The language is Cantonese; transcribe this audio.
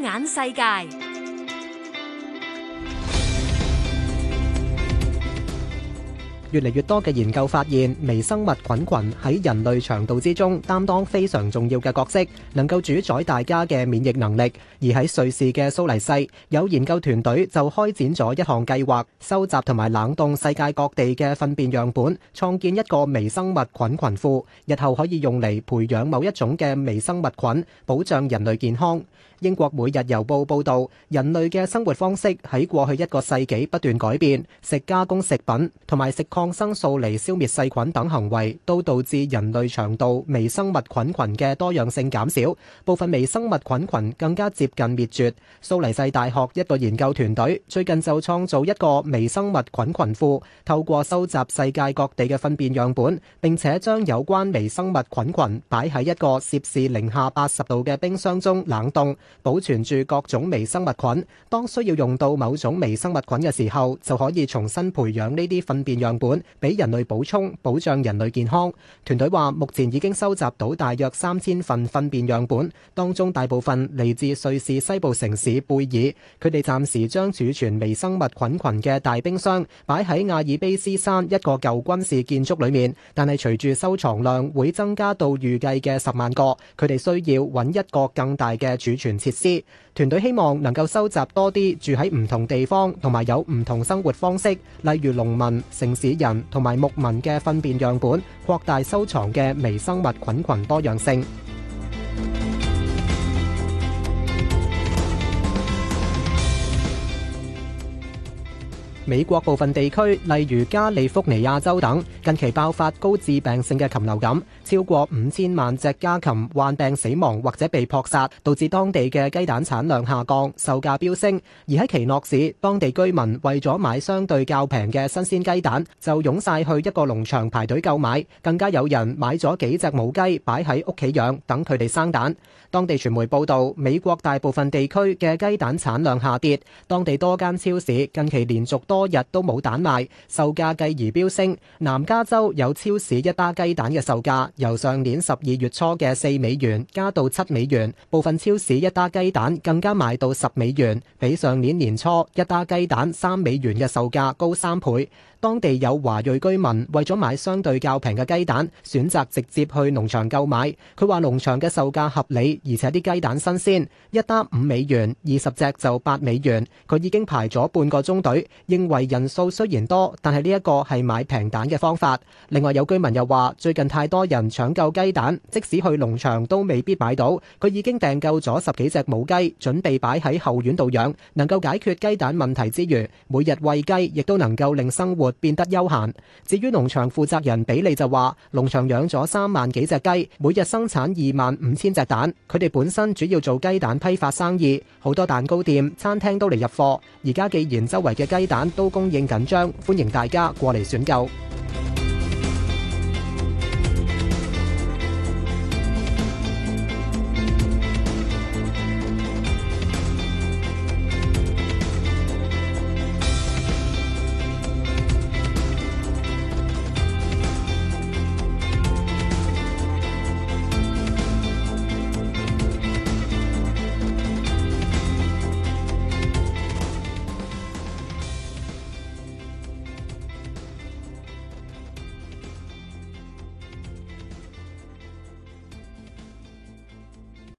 眼世界。越嚟越多嘅研究發現，微生物菌群喺人類腸道之中擔當非常重要嘅角色，能夠主宰大家嘅免疫能力。而喺瑞士嘅蘇黎世，有研究團隊就開展咗一項計劃，收集同埋冷凍世界各地嘅糞便樣本，創建一個微生物菌群庫，日後可以用嚟培養某一種嘅微生物菌，保障人類健康。英國每日郵報報道，人類嘅生活方式喺過去一個世紀不斷改變，食加工食品同埋食抗抗生素嚟消滅細菌等行為，都導致人類腸道微生物菌群嘅多樣性減少，部分微生物菌群更加接近滅絕。蘇黎世大學一個研究團隊最近就創造一個微生物菌群庫，透過收集世界各地嘅糞便樣本，並且將有關微生物菌群擺喺一個攝氏零下八十度嘅冰箱中冷凍，保存住各種微生物菌。當需要用到某種微生物菌嘅時候，就可以重新培養呢啲糞便樣本。俾人類補充，保障人類健康。團隊話，目前已經收集到大約三千份糞便樣本，當中大部分嚟自瑞士西部城市貝爾。佢哋暫時將儲存微生物菌群嘅大冰箱擺喺亞爾卑斯山一個舊軍事建築裏面，但係隨住收藏量會增加到預計嘅十萬個，佢哋需要揾一個更大嘅儲存設施。團隊希望能夠收集多啲住喺唔同地方同埋有唔同生活方式，例如農民、城市人同埋牧民嘅糞便樣本，擴大收藏嘅微生物菌群多樣性。美國部分地區，例如加利福尼亞州等，近期爆發高致病性嘅禽流感，超過五千萬隻家禽患病死亡或者被撲殺，導致當地嘅雞蛋產量下降，售價飆升。而喺奇諾市，當地居民為咗買相對較平嘅新鮮雞蛋，就湧晒去一個農場排隊購買，更加有人買咗幾隻母雞擺喺屋企養，等佢哋生蛋。當地傳媒報道，美國大部分地區嘅雞蛋產量下跌，當地多間超市近期連續多多日都冇蛋賣，售價繼而飆升。南加州有超市一打雞蛋嘅售價由上年十二月初嘅四美元加到七美元，部分超市一打雞蛋更加賣到十美元，比上年年初一打雞蛋三美元嘅售價高三倍。當地有華裔居民為咗買相對較平嘅雞蛋，選擇直接去農場購買。佢話農場嘅售價合理，而且啲雞蛋新鮮，一打五美元，二十隻就八美元。佢已經排咗半個鐘隊，應。因為人數雖然多，但係呢一個係買平蛋嘅方法。另外有居民又話，最近太多人搶購雞蛋，即使去農場都未必買到。佢已經訂購咗十幾隻母雞，準備擺喺後院度養，能夠解決雞蛋問題之餘，每日餵雞亦都能夠令生活變得悠閒。至於農場負責人比利就話，農場養咗三萬幾隻雞，每日生產二萬五千隻蛋。佢哋本身主要做雞蛋批發生意，好多蛋糕店、餐廳都嚟入貨。而家既然周圍嘅雞蛋，都供應緊張，歡迎大家過嚟選購。